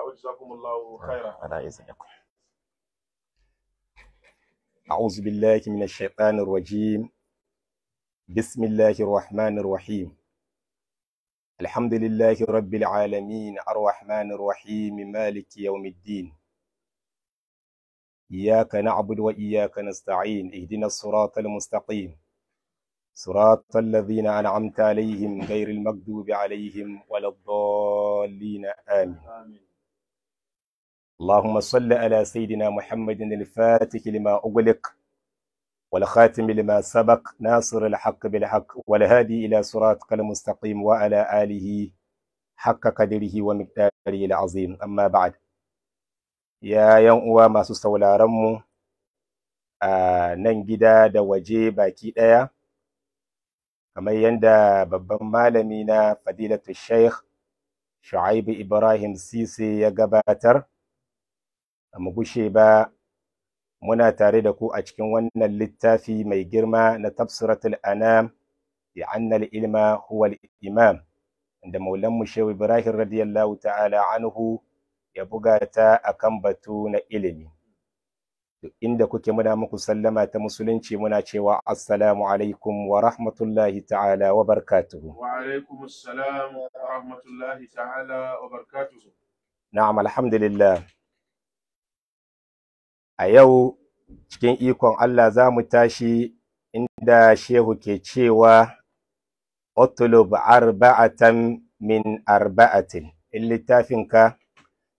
الخبرة الله خيرا آه، على إذنكم أعوذ بالله من الشيطان الرجيم بسم الله الرحمن الرحيم الحمد لله رب العالمين الرحمن الرحيم مالك يوم الدين إياك نعبد وإياك نستعين اهدنا الصراط المستقيم صراط الذين أنعمت عليهم غير المكذوب عليهم ولا الضالين آمين, آمين. اللهم صل على سيدنا محمد الفاتح لما أغلق والخاتم لما سبق ناصر الحق بالحق والهادي إلى صراط المستقيم وعلى آله حق قدره ومقداره العظيم أما بعد يا يوم ما سستولى رمو a nan باكي ايا waje baki ɗaya kamar yadda babban malami na fadilatu sheikh mu gushe ba muna tare da ku a cikin wannan littafi mai girma na tafsiratul anam bi annal ilma huwa imam da maulan mu shehu ibrahim radiyallahu ta'ala anhu ya buga ta akan batu na ilimi duk inda kuke muna muku sallama ta musulunci muna cewa assalamu alaikum wa rahmatullahi ta'ala wa barakatuhu wa alaikum assalam wa rahmatullahi ta'ala wa barakatuhu na'am alhamdulillah a yau cikin ikon Allah za mu tashi inda shehu ke cewa utlub arba'atan min arba'atin in littafinka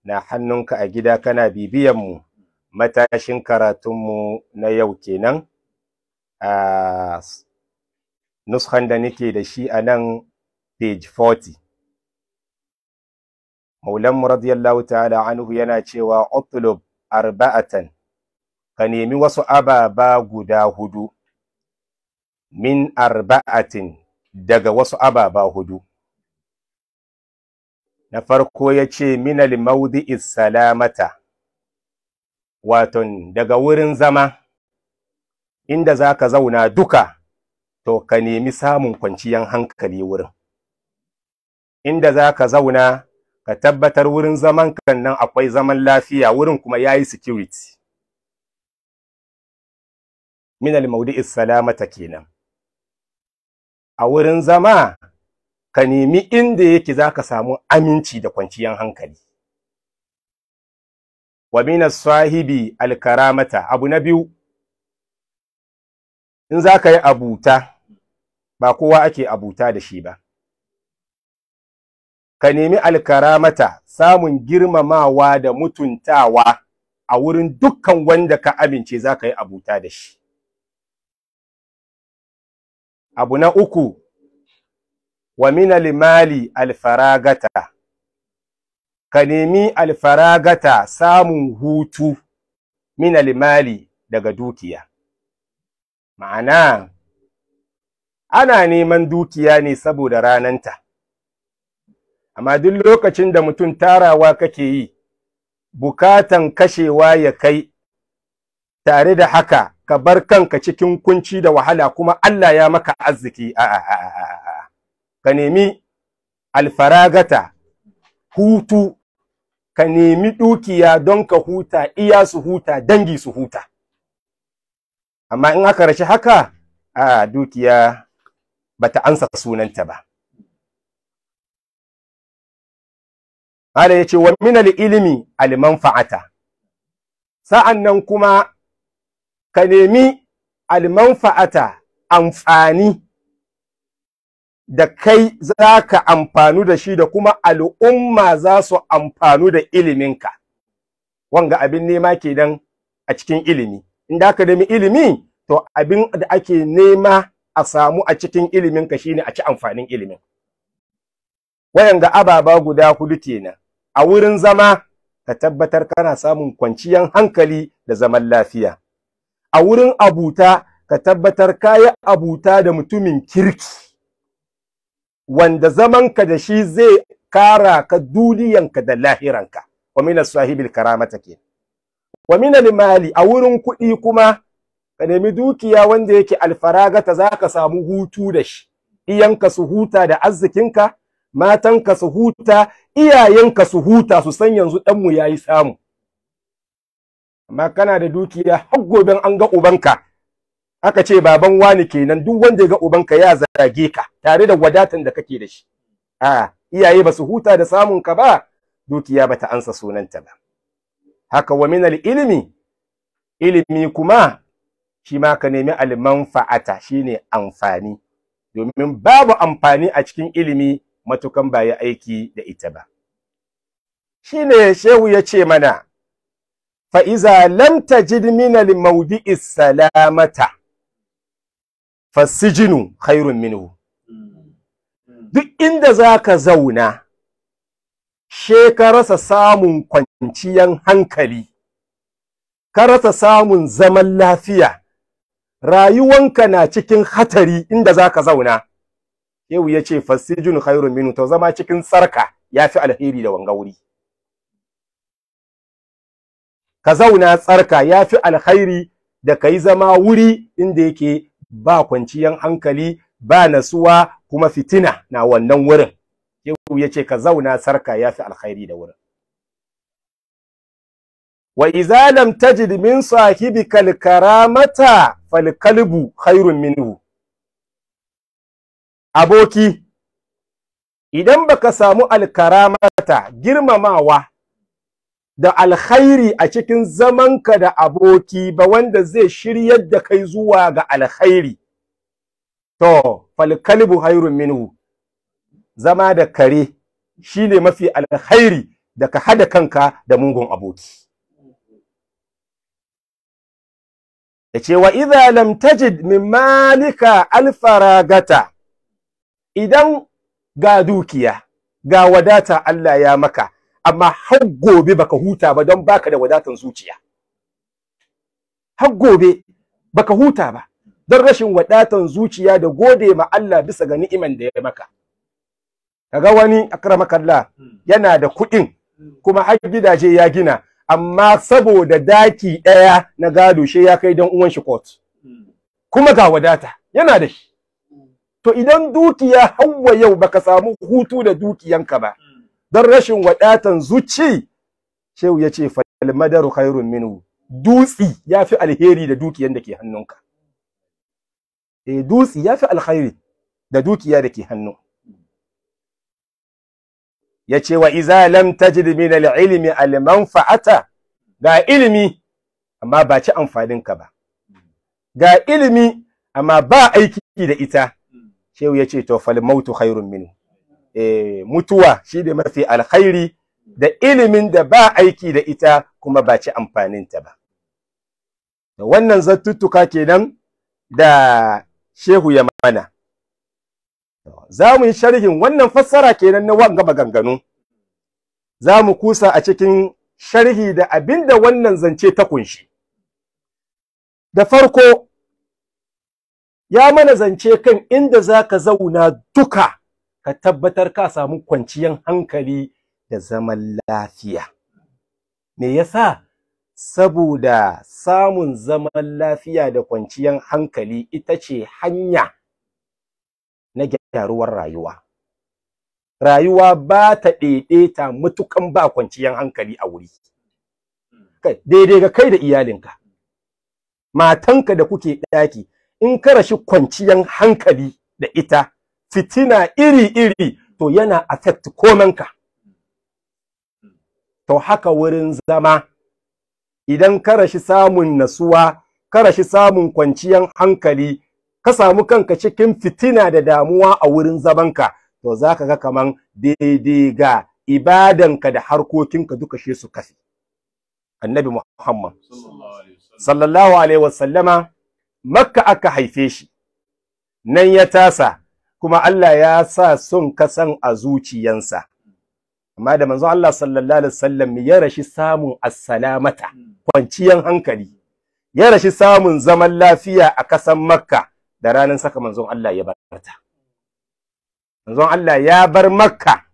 na hannunka a gida kana bibiyanmu matashin karatunmu na yau kenan a nuskan da nake da shi a nan page 40 maulanmu radiyallahu ta'ala anhu yana cewa utlub arba'atan ka nemi wasu ababa guda hudu min arba'atin daga wasu ababa hudu na farko ya ce minal maudi'is salamata waton daga wurin zama inda za ka zauna duka to ka nemi samun kwanciyan hankali wurin inda za ka zauna ka tabbatar wurin zaman kan nan akwai zaman lafiya wurin kuma ya yi security min al-mawdi'i salamata kenan a wurin zama ka nemi inda yake zaka samu aminci da kwanciyar hankali wa min as-sahibi al-karamata abu na biyu in zaka yi abuta ba kowa ake abuta da shi ba ka nemi alkaramata samun girmamawa da mutuntawa a wurin dukkan wanda ka amince za ka yi abuta da shi abu na uku wa mina limali alfaragata ka nemi alfaragata samun hutu mina mali daga dukiya ma'ana ana neman dukiya ne saboda rananta amma duk lokacin da mutum tarawa kake yi bukatan kashewa ya kai tare da haka ka bar kanka cikin kunci da wahala kuma Allah ya maka arziki ka nemi alfaragata hutu ka nemi dukiya don ka huta iya su huta dangi su huta amma in aka rashi haka a dukiya bata ansa sunanta ba Allah ya ce wa min al al-manfa'ata sa'annan kuma ka nemi almanfa'ata amfani da kai za ka amfanu da shi da kuma al'umma za su amfanu da iliminka wanga abin nema kenan a cikin ilimi in da ka nemi ilimi to abin da ake nema a samu a cikin iliminka shine a ci amfanin ilimin wayanga ababa guda hudu kenan a wurin zama ka tabbatar kana samun kwanciyan hankali da zaman lafiya a wurin abuta ka tabbatar kayi abuta da mutumin kirki wanda zamanka da shi zai kara ka duniyanka da lahiranka wa min sahibil karamata ke wa min mali a wurin kuɗi kuma ka nemi dukiya wanda yake alfaragata za ka samu hutu da shi iyanka su huta da arzikinka matanka su huta iyayenka su huta su san yanzu ɗanmu yi samu amma kana da dukiya har gobe an ga ubanka aka ce baban wani kenan duk wanda ya ga ubanka ya zage ka tare da wadatan da kake da shi a iyaye ba su huta da samun ka ba dukiya ba ta ansa sunanta ba haka wa min ilimi ilimi kuma shi ma ka nemi manfa'ata shine amfani domin babu amfani a cikin ilimi matukan ba ya aiki da ita ba shine shehu ya ce mana fa iza lam tajid min al salamata fasijinu khairun duk inda zaka zauna she ka rasa samun kwanciyan hankali ka rasa samun zaman lafiya rayuwanka na cikin hatari inda zaka zauna yau yace fasijun khairun minu to zama cikin sarka yafi alheri da wanga wuri ka zauna tsarka ya fi alkhairi da ka yi zama wuri inda yake ba kwanciyan hankali ba nasuwa kuma fitina na wannan wurin yau ya ce ka zauna tsarka, ya fi alkhairi da wurin. Wa iza lam tajid min sahibika alkaramata falqalbu khairun minhu. Aboki idan baka samu alkaramata girmamawa da alkhairi a cikin zamanka da aboki ba wanda zai shiryar da kai zuwa ga alkhairi to fal kalbu hayrun minhu zama da kare shine mafi alkhairi da ka hada kanka da mungun aboki yace wa idza lam tajid min malika alfaragata idan ga dukiya ga wadata Allah ya maka amma har gobe baka huta ba don baka da wadatan zuciya har gobe baka huta ba don rashin wadatan zuciya da gode ma Allah bisa ga ni'iman da ya maka kaga wani akramakallah yana da kuɗin kuma har gidaje ya gina amma saboda daki ɗaya na gado shi ya kai don uwan shi court kuma ga wadata yana da shi to idan dukiya hawa yau baka samu hutu da dukiyanka ba don rashin wadatan zuci shehu ya ce falmadaru khairun minhu dutsi ya fi alheri da dukiyar da ke hannunka eh dutsi ya fi alkhairi da dukiya da ke hannu ya ce wa iza lam tajid min alilmi almanfa'ata ga ilimi amma ba ci amfaninka ba ga ilimi amma ba aiki da ita shehu ya ce to fal mautu khairun minhu Eh, mutuwa shi da mafi alkhairi da ilimin da ba aiki da ita kuma ba ci amfaninta ba. Da wannan zattuttuka kenan da Shehu ya mana. Za mu yi sharhin wannan fassara kenan na wanga maganganu. Za mu kusa a cikin sharhi da abin da wannan zance ta kunshi. Da farko, ya mana zance kan inda za ka zauna duka ka tabbatar ka samu kwanciyan hankali da zaman lafiya me yasa saboda samun zaman lafiya da kwanciyan hankali ita ce hanya na gyaruwar rayuwa rayuwa ba ta daidaita mutukan ba kwanciyan hankali a wuri daidai ga kai da iyalinka matanka da kuke ɗaki, in ka rashi kwanciyan hankali da ita fitina iri-iri to yana affect komanka to haka wurin zama idan ka rashi samun nasuwa ka rashi samun kwanciyan hankali ka samu kanka cikin fitina da damuwa a wurin zamanka to zaka ga kaman daidai ga ibadanka da harkokinka duka shi su kafi annabi Muhammad sallallahu alaihi wasallama makka aka haife shi nan ya tasa kuma Allah ya sa son kasan a zuciyansa amma da manzon Allah sallallahu alaihi wasallam ya rashi samun assalamata kwanciyan hankali ya rashi samun zaman lafiya a kasan Makka da ranar saka manzon Allah ya barata manzon Allah ya bar Makka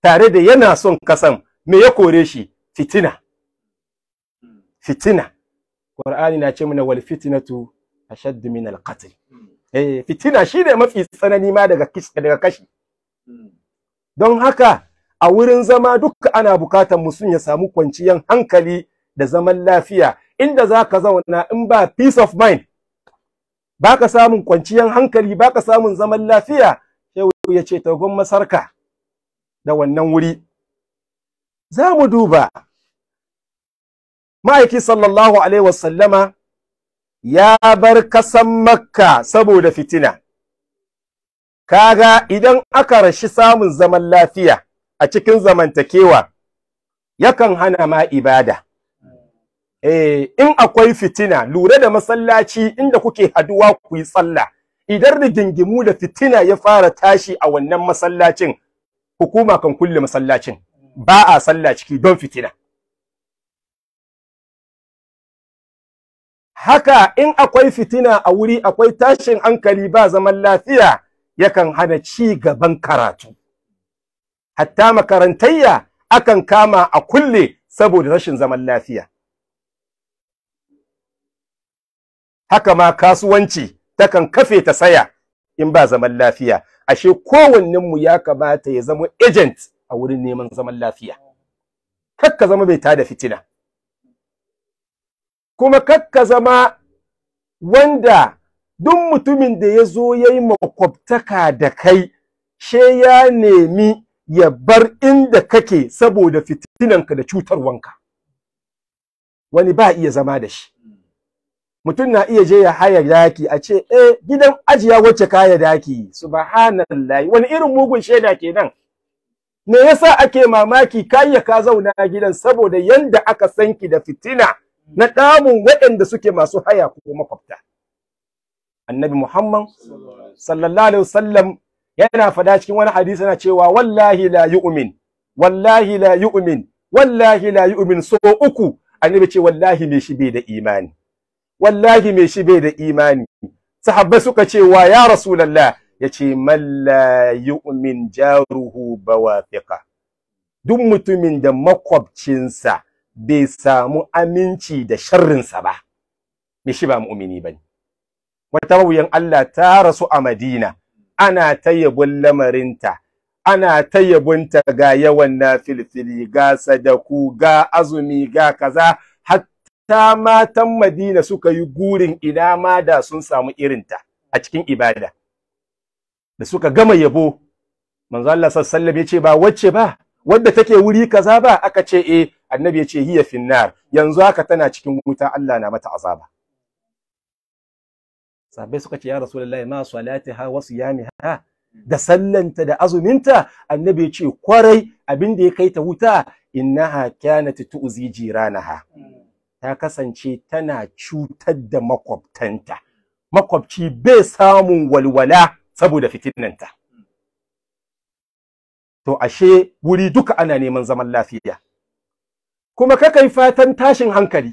tare da yana son kasan me ya kore shi fitina fitina Qur'ani na ce mana wal fitnatu ashadd min al qatl eh fitina shine mafi tsanani ma daga daga kashi don haka a wurin zama duka ana bukatar musun ya samu kwanciyan hankali da zaman lafiya inda zaka zauna in ba peace of mind baka samun kwanciyan hankali baka samun zaman lafiya shehu ya ce tagon masarka da wannan wuri zamu duba ma'aiki sallallahu alaihi wasallama ya bar kasan makka saboda fitina kaga idan aka rashi samun zaman lafiya a cikin zamantakewa yakan hana ma ibada eh in akwai fitina lura da masallaci inda kuke haduwa ku yi tsalla. idan rigingimu da fitina ya fara tashi a wannan masallacin hukuma kan kulle masallacin ba a sallah ciki don fitina haka in akwai fitina a wuri akwai tashin hankali ba zaman lafiya yakan hana ci gaban karatu hatta makarantayya akan kama a kulle saboda rashin zaman lafiya haka ma kasuwanci takan kafe ta saya in ba zaman lafiya ashe kowannen mu ya kamata ya zama agent a wurin neman zaman lafiya kakka zama bai tada fitina kuma kakka zama wanda duk mutumin da ya zo ya yi makwabtaka da kai she ya nemi ya bar inda kake saboda fitinanka da cutarwanka wani ba iya zama da shi mutum na iya je ya haya daki a ce eh gidan ajiya wacce kaya daki subhanallahi wani irin mugun shaida kenan me yasa ake mamaki kayyaka zauna gidan saboda yanda aka sanki da fitina na ɗamun waɗanda suke masu haya ko makwabta annabi muhammad sallallahu alaihi wasallam yana fada cikin wani hadisi yana cewa wallahi la yu'min wallahi la yu'min wallahi la yu'min so uku annabi ce wallahi me shi bai da imani wallahi me shi bai da imani Sahabba suka ce wa ya rasulullah yace man la yu'min jaruhu bawafiqa duk mutumin da makwabcinsa bai samu aminci da sharrinsa ba me shi ba mu'mini bane wata wuyan Allah ta rasu a Madina ana tayyabun lamarinta ana ta ga yawan nafilfili ga sadaku ga azumi ga kaza hatta matan Madina suka yi gurin ina ma da sun samu irinta a cikin ibada da suka gama yabo manzo Allah sallallahu alaihi wasallam yace ba wacce ba wadda take wuri kaza ba aka ce eh annabi yace hiya finnar yanzu haka tana cikin wuta Allah na mata azaba Sabai suka ce ya rasulullahi ma salatiha wa siyamiha da sallanta da azuminta annabi ya ce kwarai abin da ya kai ta wuta innaha kanat tu'zi jiranaha ta kasance tana cutar da makwabtanta makwabci bai samun walwala saboda fitinanta to ashe wuri duka ana neman zaman lafiya kuma kaka yi fatan tashin hankali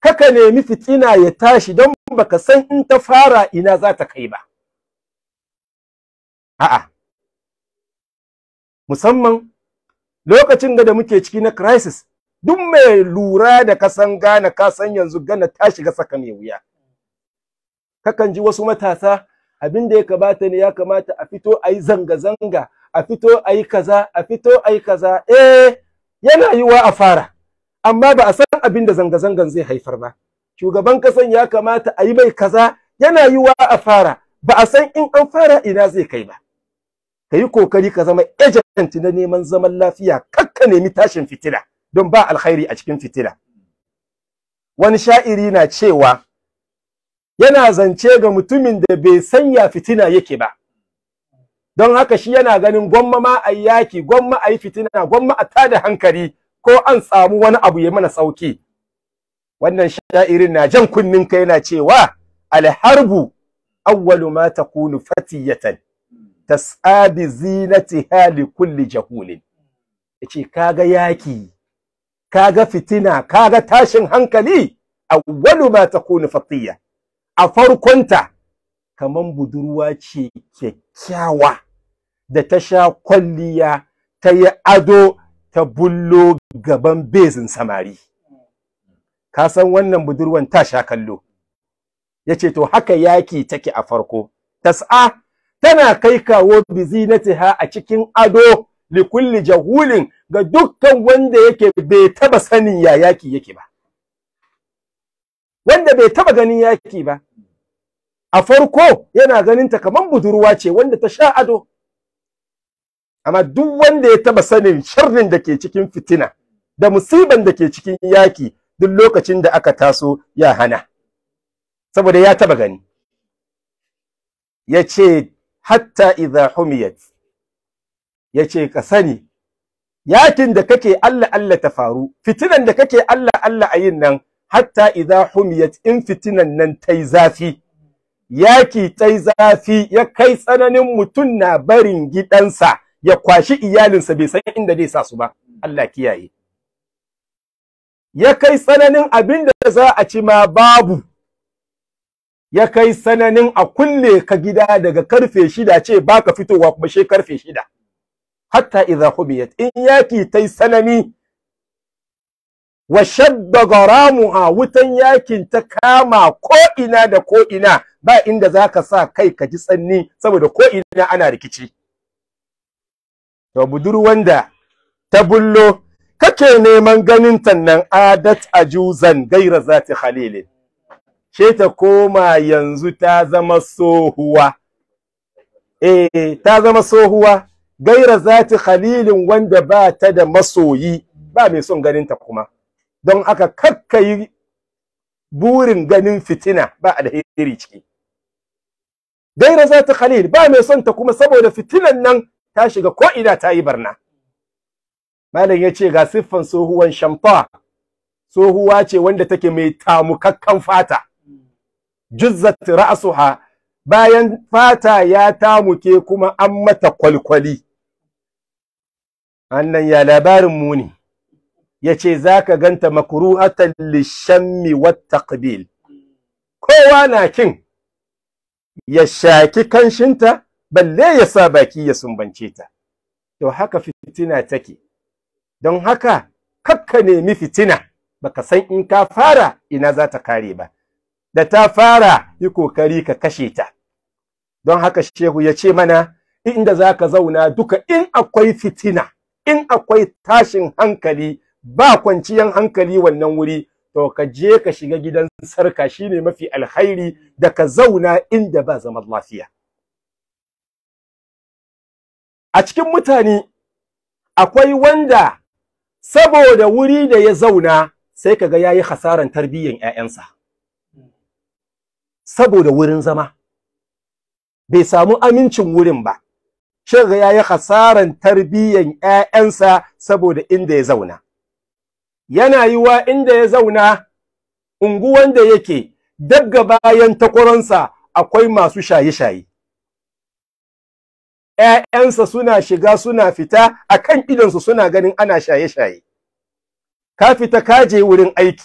kaka nemi fitina ya tashi don baka san in ta fara ina za ta kai ba a'a musamman lokacin da muke ciki na crisis duk mai lura da kasan gana kasan yanzu gana ta shiga saka mai wuya kakan ji wasu matasa abin da ya kamata ne ya kamata a fito ayi zanga-zanga a fito ayi kaza a fito a kaza eh yana wa a fara amma ba a san abin da zanga-zangan zai haifar ba shugaban kasan ya kamata a yi mai kaza yana wa a fara ba a san in an fara ina zai kai ba ka yi kokari ka zama agent na neman zaman lafiya kar ka nemi tashin fitila don ba alkhairi a cikin fitila wani sha'iri na cewa yana zance ga mutumin da bai sanya fitina yake ba don haka shi yana ganin gwamma ma a yaki gwamma ayi yi fitina gwamma a tada hankali ko an samu wani abu ya mana sauki wannan sha'irin na jan kunnin ka yana cewa alharbu awwalu ma takunu fatiyatan tas'a bi zinatiha li kulli jahulin yace kaga yaki kaga fitina kaga tashin hankali awwalu ma takunu fatiya a farkonta kaman budurwa ce kyakkyawa da ta sha kwalliya ta yi ado ta bullo gaban bezin samari ka san wannan budurwan ta sha kallo ya ce to haka yaki take a farko tas'a tana kai kawo bizinatiha a cikin ado likulli jahulin ga dukkan wanda yake bai taba sanin ya yaki yake ba wanda bai taba ganin yaki ba a farko yana ganin ta kamar budurwa ce wanda ta sha ado amma duk wanda ya taba sanin sharrin da ke cikin fitina da musiban da ke cikin yaki duk lokacin da aka taso ya hana saboda ya taba gani yace hatta idha humiyat yace ka sani yakin da kake Allah Allah ta faru fitinan da kake Allah Allah a yin nan hatta idha humiyat in fitinan nan tai zafi yaki tai zafi ya kai tsananin mutum na barin gidansa ya kwashi iyalinsa bai san inda zai sa su ba Allah kiyaye ya kai tsananin abin da za a ci ma babu ya kai tsananin a kulle ka gida daga karfe shida ce baka fitowa kuma she karfe shida hatta idza hubiyat in yaki tai sanani wa shadda garamuha wutan yakin ta kama ko ina da ko ina ba inda za ka sa kai ka ji tsanni saboda ko ina ana rikici to buduru wanda ta bullo kake neman ganin nan adat ajuzan gaira zati khalilin she ta koma yanzu ta zama sohuwa eh ta zama sohuwa gaira zati khalilin wanda ba ta da masoyi ba mai son ganin ta kuma don aka kakkayi burin ganin fitina ba alheri ciki gaira za ta khalil ba mai son ta kuma saboda fitilan nan ta shiga ko ina ta yi barna malam ya ce ga siffan tsohuwan shamfa tsohuwa ce wanda take mai tamukakkan fata juzzat ra'suha bayan fata ya tamuke kuma an mata kwalkwali annan ya labarin muni yace zaka ganta makruhatan lishammi wat taqbil kowa na kin ya shaki kanshinta balle ya sa baki ya sumbance ta to haka fitina take don haka kakka nemi fitina baka san in ka fara ina za ta kare ba da ta fara yi kokari ka kashe ta don haka shehu ya ce mana inda za ka zauna duka in akwai fitina in akwai tashin hankali ba kwanciyan hankali wannan wuri to ka je ka shiga gidan sarka shine mafi alkhairi da ka zauna inda ba zaman lafiya a cikin mutane akwai wanda saboda wuri da ya zauna sai kaga yayi hasaran tarbiyyar ƴaƴansa saboda wurin zama bai samu amincin wurin ba shin ga yayi hasaran tarbiyyar ƴaƴansa saboda inda ya zauna yana yiwa inda ya zauna unguwan da yake daga bayan takwaronsa akwai masu shaye-shaye ‘ya'yansa suna shiga suna fita a kan idonsu suna ganin ana shaye-shaye ka fita kaje wurin aiki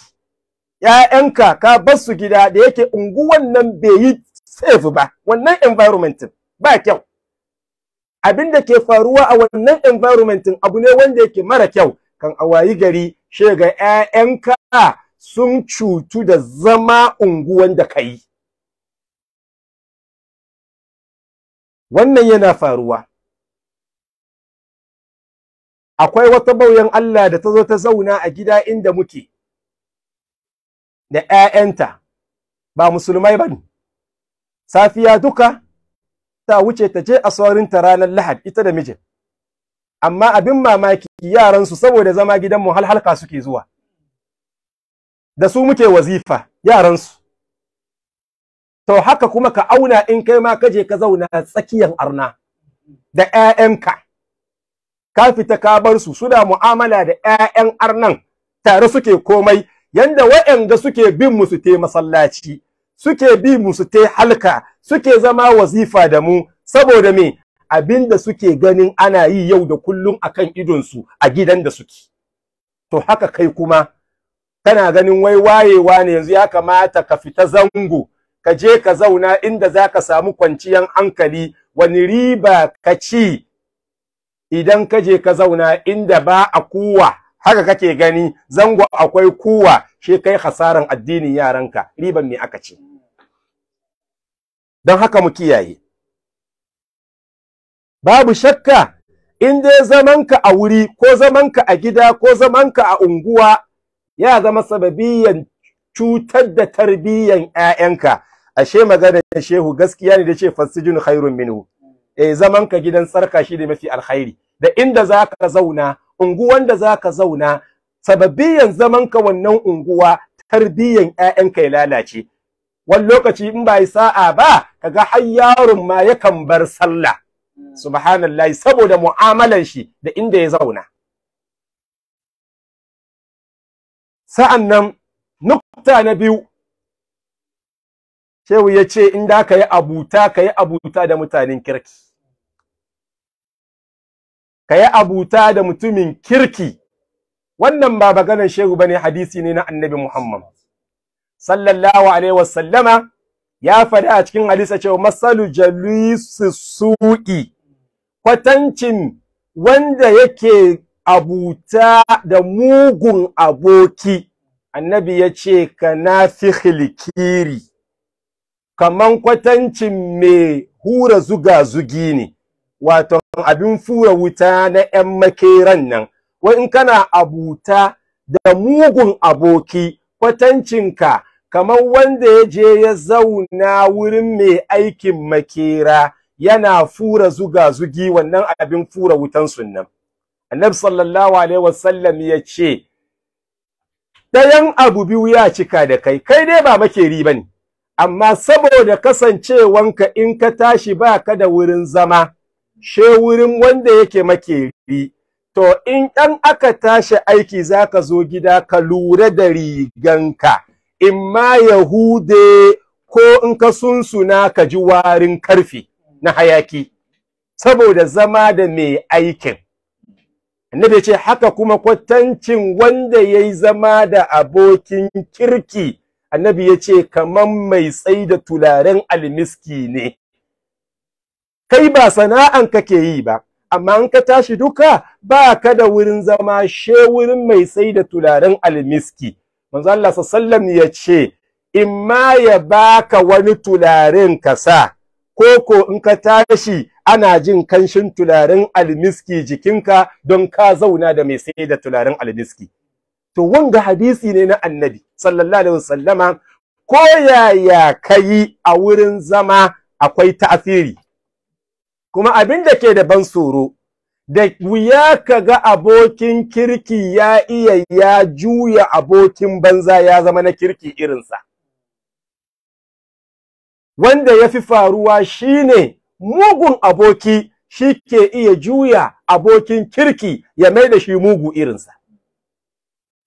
‘ya'yanka ka bar su gida da yake unguwan nan bai yi safe ba wannan environment ba kyau abin da ke faruwa a wannan environment abu ne wanda yake mara kyau kan awayi gari she ga ƴaƴanka sun cutu da zama unguwan da kai wannan yana faruwa akwai wata bauyan Allah da ta zo ta zauna a gida inda muke da ƴaƴanta ba musulmai bane safiya duka ta wuce ta je a saurinta ranar Lahad ita da mijin amma abin mamaki yaransu saboda zama gidan mu halhalka suke zuwa da su muke wazifa yaransu to haka kuma ka auna in kai ma kaje ka zauna tsakiyar arna da ƴaƴanka ka fita ka bar su suna mu'amala da ƴaƴan arnan tare suke komai yanda waɗanda suke bin mu su te masallaci suke bi mu su te halka suke zama wazifa da mu saboda me abinda suke ganin ana yi yau da kullum akan idon su a gidan da suke to haka kai kuma kana ganin wai wayewa ne yanzu ya kamata ka fita zango ka je ka zauna inda za ka samu kwanciyan hankali wani riba ka ci idan ka je ka zauna inda ba a kuwa haka kake gani zango akwai kuwa shi kai hasaran addinin yaranka riban me aka ci. don haka mu kiyaye babu shakka in dai zamanka a wuri ko zamanka a gida ko zamanka a unguwa ya zama sababiyan cutar da tarbiyan ƴaƴanka ashe magana shehu gaskiya ne da ce fasijun khairun minhu eh zamanka gidan sarka shi ne mafi alkhairi da inda zaka zauna unguwan da zaka zauna sababiyan zamanka wannan unguwa tarbiyan ƴaƴanka ya lalace wani lokaci in ba yi sa'a ba kaga har yaron ma yakan bar sallah subhanallahi saboda mu'amalan shi da inda ya zauna Sa'annan nukta na biyu shehu ya ce in da ka yi abuta ka yi abuta da mutanen kirki ka yi abuta da mutumin kirki wannan ba maganar shehu bane hadisi ne na annabi muhammad sallallahu alaihi wasallama ya faɗi a cikin hadisa cewa masalu jalisu su'i kwatancin wanda yake abuta da mugun aboki annabi ya ce ka fi hilkiri, kaman kwatancin mai hura zuga zugi ne wato abin fura wuta na 'yan makeran nan wa in kana abuta da mugun aboki kwatancinka kamar wanda ya je ya zauna wurin mai aikin makera yana fura zuga zugi wannan abin fura wutan sunnan annabi sallallahu alaihi wasallam ya ce dayan abu biyu ya cika da kai kai dai ba makeri bane amma saboda kasancewanka in ka tashi ba ka da wurin zama she wurin wanda yake makeri to in ɗan aka tashi aiki zaka zo gida ka lura da riganka in ma Yahude ko in ka sunsuna ka ji warin karfi na hayaki saboda zama da mai aikin annabi ce haka kuma kwatancin wanda yayi zama da abokin kirki annabi ya ce kaman mai tsai da tularen almiski ne kai ba sana'an kake yi ba amma in ka tashi duka ba ka da wurin zama she wurin mai tsaida da tularen almiski manzo Allah sallallahu ya ce in ma ya baka wani tularin kasa, sa koko in ka tashi ana jin kanshin tularin almiski jikinka don ka zauna da mai sai da tularin almiski to wanga hadisi ne na annabi sallallahu alaihi wasallama ko yaya kayi a wurin zama akwai ta'asiri kuma abin da ke da ban tsoro da wuya ka ga abokin kirki ya iya ya juya abokin banza ya zama na kirki irinsa wanda ya fi faruwa shine mugun aboki shi ke iya juya abokin kirki ya mai da shi mugu irinsa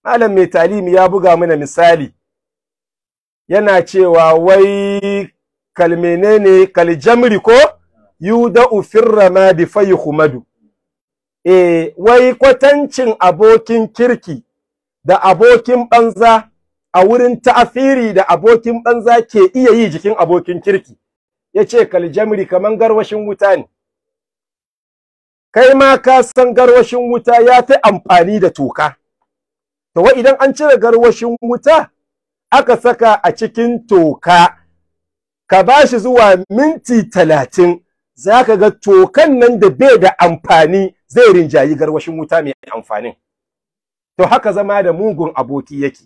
malam mai talimi ya buga mana misali yana cewa wai kalmene ne kaljamri ko yuda'u firrama fayi kumadu. e wai kwatancin abokin kirki da abokin banza a wurin ta'afiri da abokin banza ke iya yi jikin abokin kirki yace kaljamri kaman garwashin wuta ne kai ma ka san garwashin wuta ya fi amfani da toka to wa idan an cire garwashin wuta aka saka a cikin toka ka bashi zuwa minti talatin za ka ga tokan nan da bai da amfani zai rinjayi garwashin wuta mai amfani. to haka zama da mugun aboki yake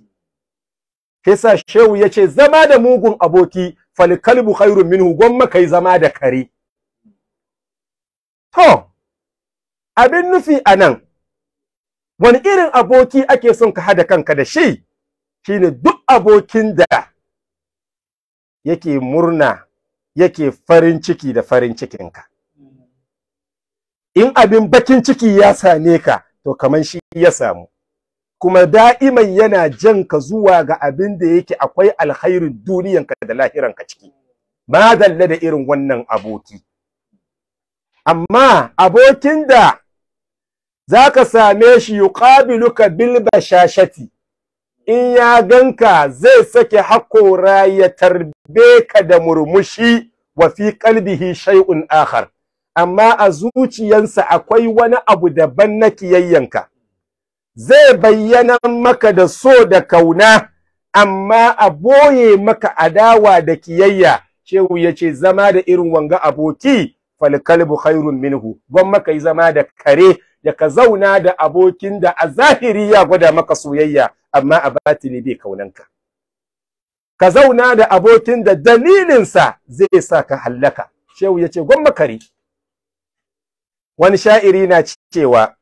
kesa shehu ya ce zama da mugun aboki falkalbu khairun minhu gwamma kai zama da kare to abin nufi a nan wani irin aboki ake son ka hada kanka da shi shine duk abokin da yake murna yake farin ciki da farin cikinka in abin bakin ciki ya same ka to kaman shi ya samu kuma da'iman yana jan ka zuwa ga abin da yake akwai alkhairin duniyanka da lahiranka ciki ma dalle da irin wannan aboki amma abokin da zaka same shi yuqabiluka bil bashashati in ya ganka zai sake hakora ya tarbe ka da murmushi wa fi qalbihi shay'un akhar amma a zuciyansa akwai wani abu daban na kiyayyanka zai bayyana maka da so da kauna amma a boye maka adawa da kiyayya shehu yace zama da irin wanga aboki fal kalbu khairun minhu ban maka yi zama da kare da ka zauna da abokin da a zahiri ya gwada maka soyayya amma a batini bai kaunanka ka zauna da abokin da dalilinsa zai sa ka hallaka shehu ya ce gwamma wani sha'iri na cewa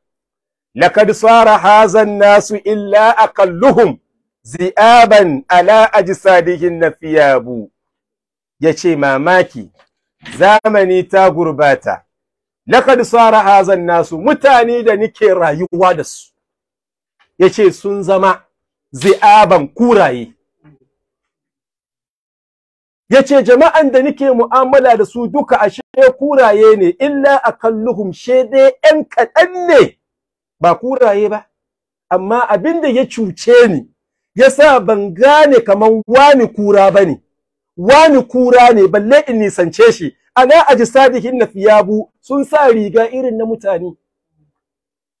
laqad tsara hazan nasu illa a kalluhun zi'aban ala na fiyabu. ya ce mamaki zamani ta gurbata laqad tsara hazan nasu mutane da nike rayuwa da su ya ce sun zama zi'aban kuraye yace jama'an da nike mu'amala da su duka ashe kuraye ne illa akalluhum shede 'yan kaɗan ne ba kuraye ba amma abin da ya cuce ni yasa ban gane kaman wani kura bane wani kura ne balle in nisance shi ana ajsadihin nafiyabu sun sa riga irin na mutane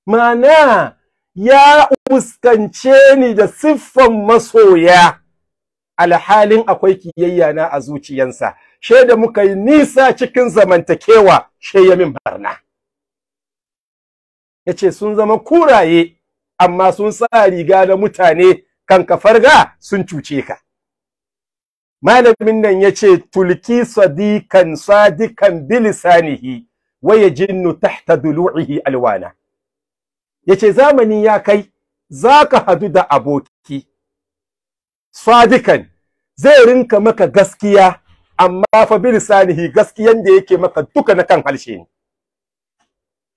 mana ya fuskance ni da siffan masoya alhalin akwai kiyayya na a zuciyansa she da muka yi nisa cikin zamantakewa she ya min barna yace sun zama kuraye amma sun sa riga da mutane kan kafarga sun cuce ka malamin nan yace tulki sadikan sadikan bilisanihi wa yajinnu tahta dulu'ihi alwana yace zamani ya kai za ka hadu da aboki sadikan zai rinka maka gaskiya amma fa bi bilisanihi gaskiyan da yake maka duka na kan harshe ne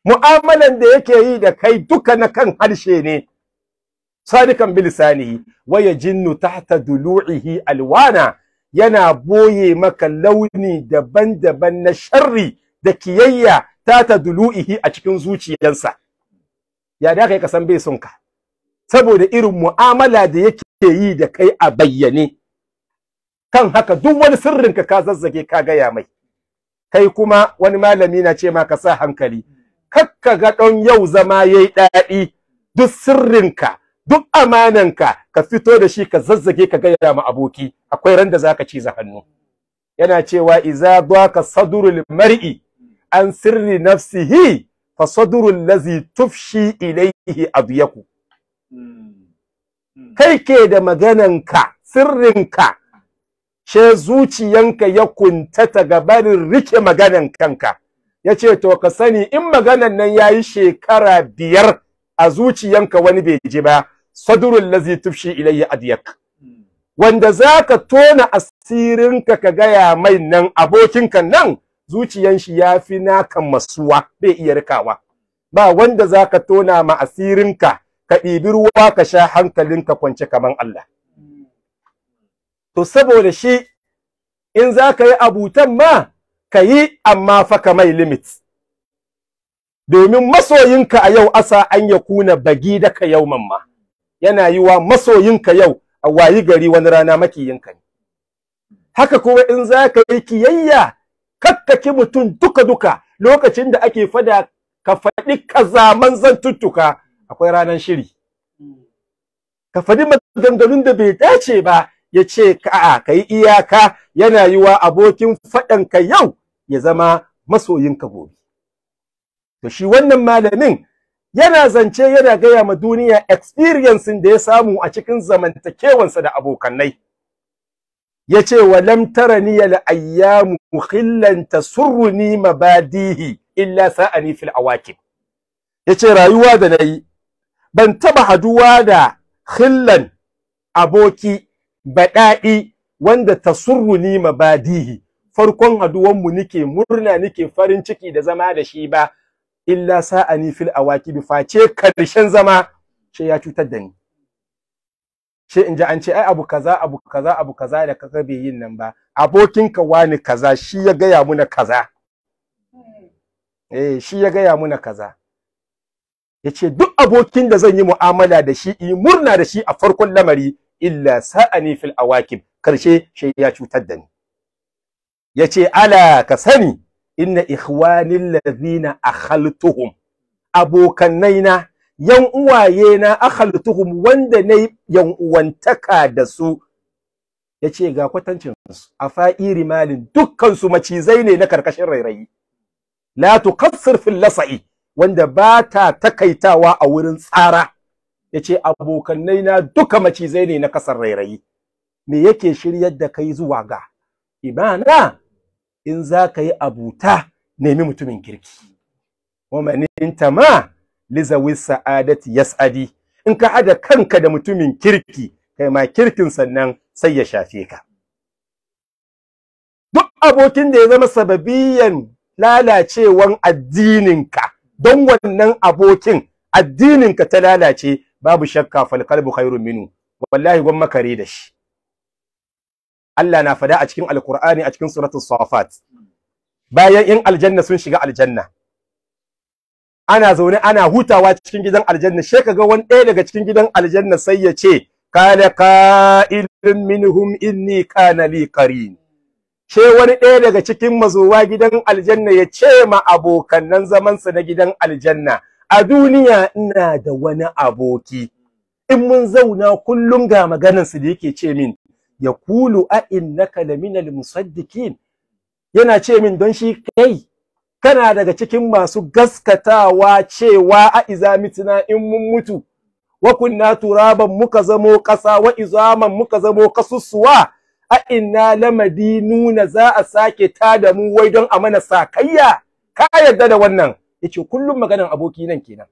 mu'amalan da yake yi da kai duka na kan harshe ne sadikan bilisanihi wa yajinnu tahta dulu'ihi alwana yana boye maka launi daban-daban na sharri da kiyayya ta ta dulu'ihi a cikin zuciyarsa ya da kai ka san bai son ka saboda irin mu'amala da yake yi da kai a bayyane kan haka duk wani sirrinka ka zazzage ka gaya mai kai kuma wani malami na ce ma ka sa hankali kakka ga don yau zama yayi daɗi duk sirrinka duk amananka ka fito da shi ka zazzage ka gaya ma aboki akwai randa da ka ci za hannu yana cewa iza ka sadrul mar'i an sirri nafsihi fa sadrul ladhi tufshi ilayhi abyaku Hmm. kai ke da magananka sirrinka ce zuciyanka ya kuntata ga barin rike maganan kanka ya ce to ka sani in maganan nan ya yi shekara biyar a zuciyanka wani bai ji ba sadurul lazi tufshi ilayya adiyak hmm. wanda za ka tona asirinka ka gaya mai nan abokinka nan zuciyan shi ya fi naka masuwa bai iya rikawa ba wanda za ka tona ma asirinka ka ɗibi ruwa ka sha hankalin ka kwance kaman Allah to saboda shi in za ka yi abutan ma ka yi amma faka mai limit domin masoyinka a yau asa an ya kuna bagi da ka yau mamma yana yi wa masoyinka yau a wayi gari wani rana makiyinka ne haka kuma in za ka yi kiyayya kakkaki mutum duka-duka lokacin da ake fada ka faɗi zan zantuttuka akwai ranar shiri hmm. ka faɗi maganganun da bai dace ba ya ce ka'a ka yi iyaka yana yiwa abokin faɗanka yau ya zama masoyinka gobe to shi wannan malamin yana zance yana gaya ma duniya experience da ya samu a cikin zamantakewansa da abokanai ya ce wa lam tarani al ayyamu khillan tasurruni mabadihi illa sa'ani fil awaqib ya ce rayuwa da nayi ban taba haduwa da khillan aboki baɗaɗi, wanda tasurruni mabadihi farkon haduwanmu nike murna nike farin ciki da zama da shi ba illa sa'ani fil bi face karshen zama ce ya cutar da ni ce in ji an ce ai abu kaza abu kaza abu kaza da kaga bai yin nan ba abokinka wani kaza shi ya gaya muna kaza hmm. eh shi ya gaya muna kaza yace duk abokin da zan yi mu'amala da shi yi murna da shi a farkon lamari illa sa'ani fil awakib karshe shi ya cutar da ni yace ala ka sani inna ikhwani ladhina akhaltuhum abokannaina yan uwaye na akhaltuhum wanda nayi yan uwantaka da su yace ga kwatancin su a fa'iri malin dukkan su macizai ne na karkashin rairayi la tuqassir fil lasa'i wanda ba ta takaitawa a wurin tsara ya ce abokannai na duka macizai ne na kasar rairayi me yake shiryar da kai zuwa ga imana in za ka yi abuta nemi mutumin kirki wamanin ma lizawi sa'adati yas'adi in ka hada kanka da mutumin kirki kai ma kirkin sannan sai ya shafe ka duk abokin da ya zama sababiyan lalacewan addininka don wannan abokin addinin ka ta lalace babu shakka fal qalbu khairun minhu wallahi gwan makare da shi Allah na fada a cikin alqur'ani a cikin suratul safat bayan in aljanna sun shiga aljanna ana zaune ana hutawa cikin gidan aljanna sai kaga wani ɗaya daga cikin gidan aljanna sai ya ce kana qa'ilun minhum inni kana li qarin she wani ɗaya daga cikin mazowa gidan aljanna ya ce ma abokannan zamansa na gidan aljanna a duniya ina da wani aboki in mun zauna kullum ga maganarsu da yake ce min ya kulu a innaka laminal musaddikin yana ce min don shi kai kana daga cikin masu gaskatawa cewa a iza mituna in mun mutu wa kunna turaban muka zamo ƙasa wa izaman muka zamo kasussuwa a inna lamadi nuna za a sake ta da mu wai don a mana sakayya ka yarda da wannan yace kullum maganan aboki nan kenan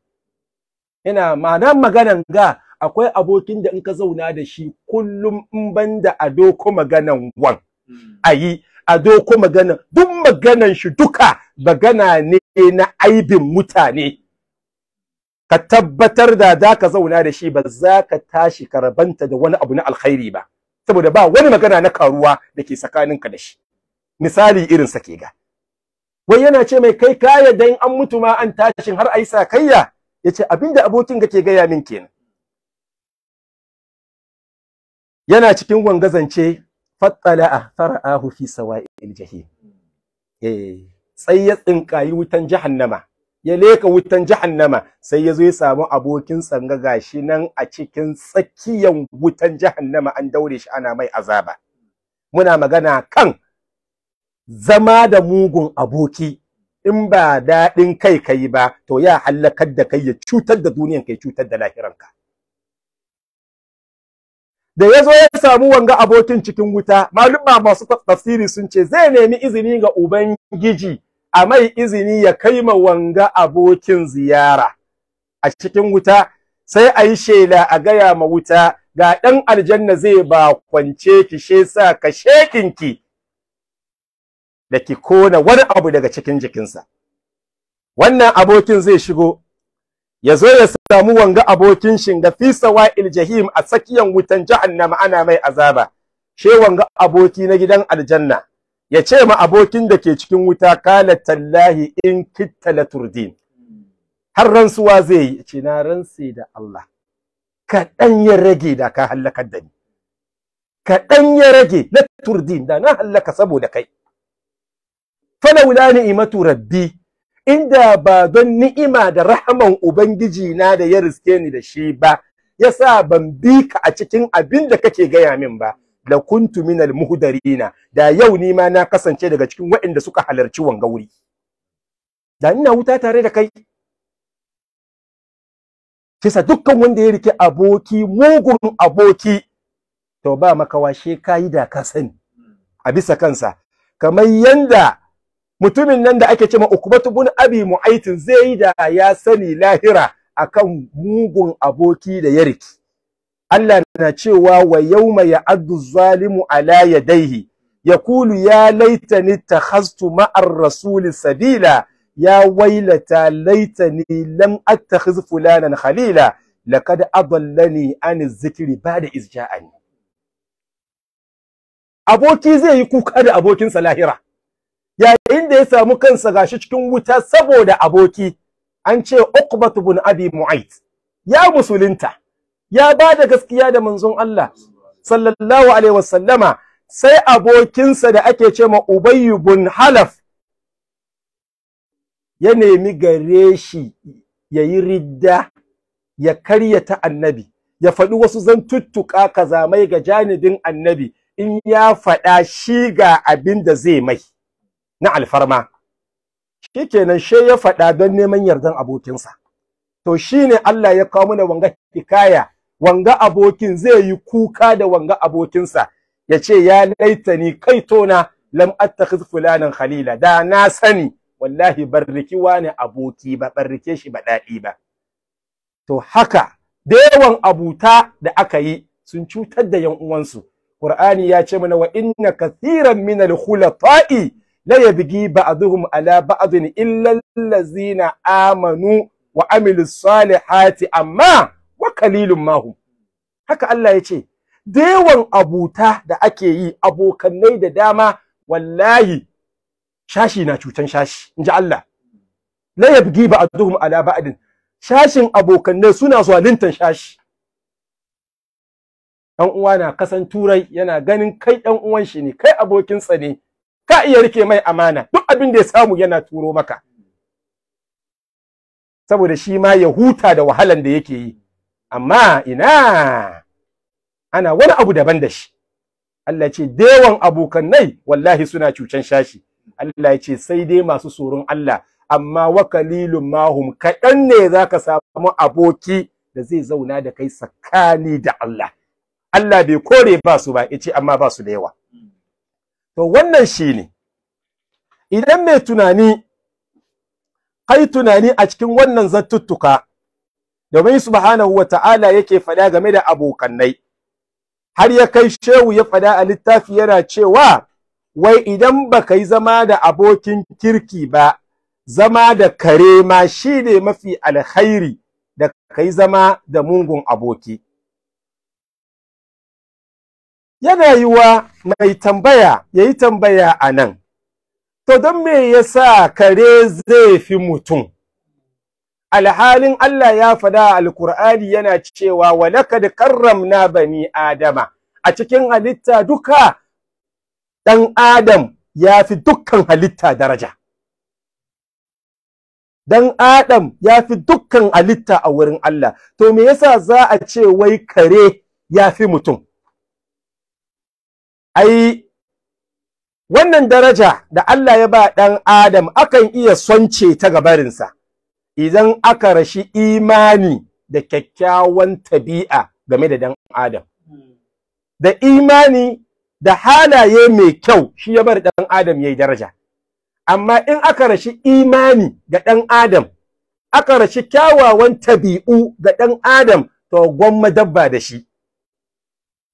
ina ma'ana maganan ga akwai abokin da in ka zauna da shi kullum in banda a doko maganan wan hmm. ayi a doko maganan duk maganan shi duka magana ne na aibin mutane ka tabbatar da za ka zauna da shi ba za ka tashi ka da wani abu na alkhairi ba saboda ba wani magana na karuwa da ke tsakaninka da shi misali irin sa ke ga wai yana ce mai kai kaya dan an mutu ma an tashin har ai sakayya yace abinda abokin ka ke gaya min kenan yana cikin wangazance fattala'a fara'ahu fi sawa'il jahim eh sai ya tsinkayi wutan jahannama ya leka wutan jahannama sai ya zo ya samu abokin tsanga gashi nan a cikin tsakiyan wutan jahannama an daure shi ana mai azaba muna magana kan zama da mugun aboki in ba daɗin kai kai ba to ya hallakar da kai ya cutar da duniyan kai cutar da lahiranka da ya zo ya samu wanga abokin cikin wuta malumma masu tafsiri sun ce zai nemi izini ga ubangiji a mai izini ya kai ma wanga abokin ziyara a cikin wuta sai a yi shela a gaya ma wuta ga ɗan aljanna zai ba kwance ki she sa ka shekinki da ki kona wani abu daga cikin jikinsa wannan abokin zai shigo ya zo ya samu wanga abokin shinga fi sawa'il jahim a tsakiyan wutan jahannama ana mai azaba she wanga aboki na gidan aljanna ya ce ma abokin da ke cikin wuta kala tallahi in kitta la turdin har ransuwa zai yi ce na rantse da Allah kaɗan ya rage da ka hallakar da ni kaɗan ya rage la turdin da na hallaka saboda kai falawla ni'matu rabbi inda ba don ni'ima da rahaman ubangiji na da ya riske ni da shi ba yasa ban bi ka a cikin abin da kake gaya min ba lakuntu minal muhdarina da yau ni ma na kasance daga cikin waɗanda suka halarci wanga wuri da ina wuta tare da kai kisa dukkan wanda ya rike aboki mugun aboki to ba makawa she kayi da ka sani a bisa kansa kamar yanda mutumin nan da ake cewa ukubatu bin abi mu'aitin zai yi da ya sani lahira akan mugun aboki da ya rike Allah na cewa wa yawma ya'addu zalimu ala ya yaqulu ya laitani ittakhaztu ma'ar rasuli sabila ya wailata laitani lam attakhiz fulanan khalila laqad adallani an zikri ba'da izja'ani aboki zai yi kuka da abokinsa lahira yayin da ya samu kansa gashi cikin wuta saboda aboki an ce Uqbat Bun Abi Mu'ayt ya musulunta ya ba da gaskiya da manzon Allah sallallahu alaihi wasallama sai abokinsa da ake ce ma Ubay ibn Halaf ya nemi gare shi ya yi ridda ya karyata annabi ya faɗi wasu zan zantuttuka mai ga janibin annabi in ya faɗa shi ga abin da zai mai na alfarma shikenan she ya faɗa don neman yardan abokinsa to shi ne Allah ya kawo mana wanga hikaya wanga abokin zai yi kuka da wanga abokinsa ya ce ya laita ni kai tona lam attakhiz fulanan khalila da na sani wallahi barriki wani aboki ba barrike shi ba daɗi ba to haka da yawan abuta da aka yi sun cutar da yan uwansu qur'ani ya ce mana wa inna kathiran min al-khulata'i la yabghi ba'dhum ala ba'dhin illa allazina amanu wa amilus salihati amma kalilun mahum haka Allah ya ce dewan abuta da ake yi abokanai da dama wallahi shashi na cutan shashi inji Allah la yabgi ba'duhum ala ba'din shashin abokannai suna zaluntan shashi dan uwa na kasan turai yana ganin kai dan uwan shi ne kai abokin tsane ka iya rike mai amana duk abin da ya samu yana turo maka saboda shi ma ya huta da wahalan da yake yi amma ina ana wani abu daban da shi Allah ce dewan abokanai, wallahi suna cucan shashi Allah ya ce sai dai masu tsoron Allah amma wa mahum kaɗan ne za ka samu aboki da zai zauna da kai tsakani da Allah Allah bai kore ba su ba ya ce amma ba su da yawa to wannan shi ne idan mai tunani kai tunani a cikin wannan zattuttuka domin subhanahu wa ta'ala yake faɗa game da abokannai har ya kai shehu ya faɗa a littafi yana cewa wai idan baka yi zama da abokin kirki ba zama da kare ma shi ne mafi alkhairi da yi zama da mungun aboki yana yi wa mai tambaya ya yi tambaya a nan to don me ya sa kare zai fi mutum alhalin Allah ya fada a alkur'ani yana cewa walakad karramna bani adama a cikin halitta duka dan adam ya fi dukkan halitta daraja dan adam ya fi dukkan halitta a wurin Allah to me yasa za a ce wai kare ya fi mutum ai wannan daraja da Allah ya ba dan adam akan iya sonce ta gabarinsa idan aka rashi imani da kyakkyawan tabi'a game da dan adam da imani da halaye mai kyau shi ya bar dan adam yayi daraja amma in aka rashi imani ga dan adam aka rashi kyawawan tabi'u ga dan adam to gwamma dabba da shi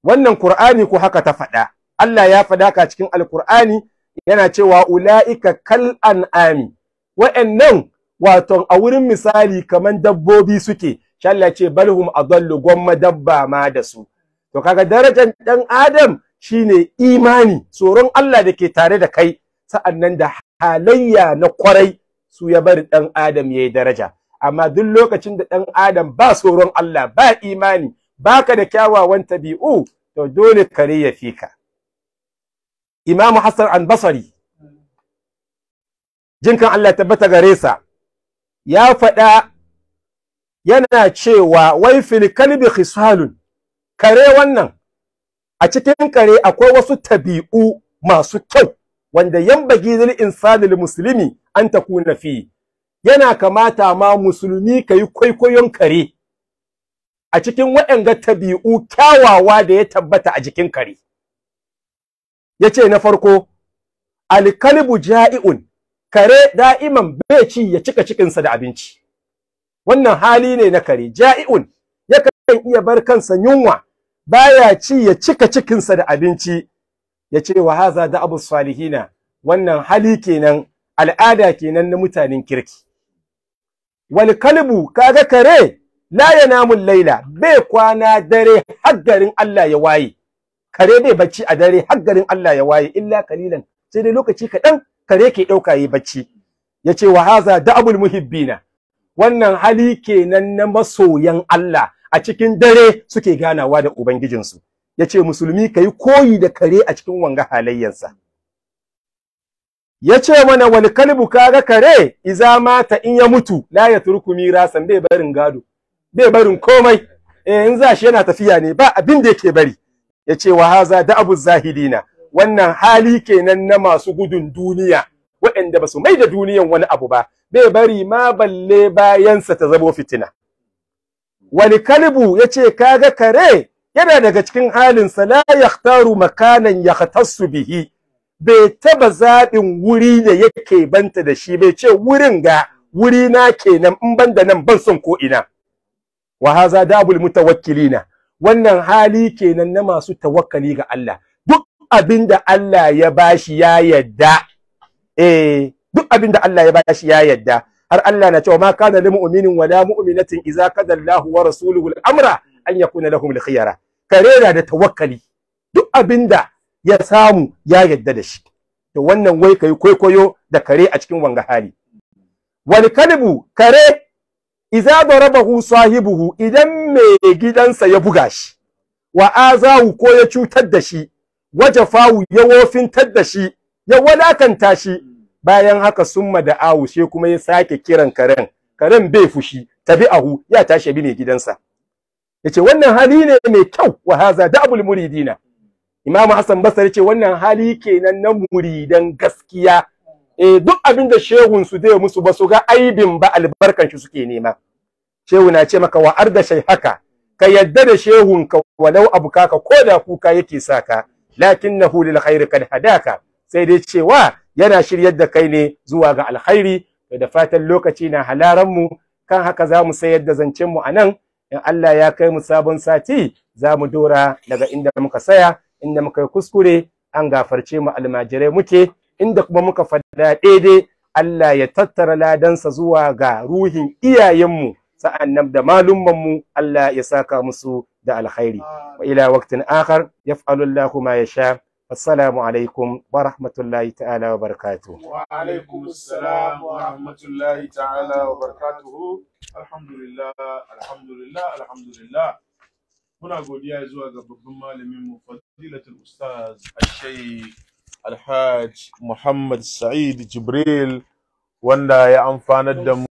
wannan Kur'ani ku haka ta faɗa Allah ya faɗa ka cikin Alkur'ani yana cewa ula'ika kal an'ami wa'annan wato a wurin misali kaman dabbobi suke shalla ce balhum adallu gwamma dabba ma da su to kaga darajar dan adam shine imani tsoron Allah da ke tare da kai sa'annan da halayya na kwarai su ya bari dan adam yayi daraja amma duk lokacin da dan adam ba tsoron Allah ba imani baka da kyawawan tabi'u to dole kare ya fika Imam Hassan al-Basri jinkan Allah tabbata gare sa ya faɗa yana cewa wai fil kalbi khisalun kare wannan a cikin kare akwai wasu tabi'u masu kyau wanda yambagi lil insani lil muslimi an takuna fi yana kamata ma musulmi kai kwaikwayon kare a cikin waɗanga tabi'u kyawawa da ya tabbata a jikin kare yace na farko al kalbu ja'iun kare da'iman bai ci ya cika cikinsa da abinci wannan hali ne na kare ja'i'un yakan iya bar kansa yunwa baya ci ya cika cikinsa da abinci ya ce wa haza da abu salihina wannan hali kenan al'ada kenan na mutanen kirki wal kalbu kaga kare la namun laila bai kwana dare har garin Allah ya waye kare bai bacci a dare har Allah ya waye illa kalilan sai dai lokaci kaɗan kare ke dauka yi bacci yace ce wa haza da'abul muhibbina wannan hali kenan na masoyan Allah a cikin dare suke ganawa da ubangijinsu ya ce musulmi ka koyi da kare a cikin wanga halayyarsa ya ce mana wani kalbu kaga kare iza mata in ya mutu la ya turku mirasan bai barin gado bai barin komai eh, in za shi yana tafiya ne ba abin da yake bari yace ce wa haza da abu zahidina wannan hali kenan na masu gudun duniya waɗanda ba su mai da duniyan wani abu ba bai bari ma balle bayansa ta zamo fitina wani kalbu ya ce kaga kare yana daga cikin halinsa la makanan yahtassu bihi bai taba zaɓin wuri da yake banta da shi bai ce wurin ga wuri na kenan in ban da nan ban son ko ina wa haza dabul mutawakkilina wannan hali kenan na masu tawakkali ga Allah abin da Allah ya bashi ya yadda eh duk abin da Allah ya bashi ya yadda har Allah na cewa ma kana lil mu'minin wala mu'minatin idza qada Allahu wa rasuluhu al-amra an yakuna lahum al-khiyara karera da tawakkali duk abin da ya samu ya yadda da shi to wannan wai kai kwaikwayo da kare a cikin wanga hali wal kalbu kare idza darabahu sahibuhu idan mai gidansa ya buga shi wa azahu ko ya cutar da shi wajafawu ya wofintar da shi ya walakanta shi bayan haka summa da awu sai kuma ya sake kiran karen karen bai fushi tabi ahu ya tashi bi mai gidansa yace wannan hali ne mai kyau wa haza da'bul muridina Imam Hassan Basri yace wannan hali kenan na muridan gaskiya eh duk abin da shehun su zai musu ba su ga aibin ba albarkan shi suke nema shehu na ce maka wa arda shay haka ka yadda da shehun ka walau abuka ka koda kuka yake saka lakinnahu lil khairi kad hadaka sai dai cewa yana shiryar da kai ne zuwa ga alkhairi da fatan lokaci na halaran mu kan haka za mu sayar da zancen mu nan, in Allah ya kai mu sabon sati za mu dora daga inda muka saya inda muka yi kuskure an gafarce mu almajirai muke inda kuma muka fada daidai Allah ya tattara ladansa zuwa ga ruhin iyayenmu sa'annan da malumman mu Allah ya saka musu da alkhairi wa ila waqtin akhar yaf'alu Allahu ma yasha assalamu alaikum wa rahmatullahi ta'ala wa barakatuh wa alaikum assalam wa rahmatullahi ta'ala wa barakatuh alhamdulillah alhamdulillah alhamdulillah muna godiya zuwa ga babban malamin mu fadilatul ustaz ash alhaj muhammad sa'id jibril wanda ya amfanar da mu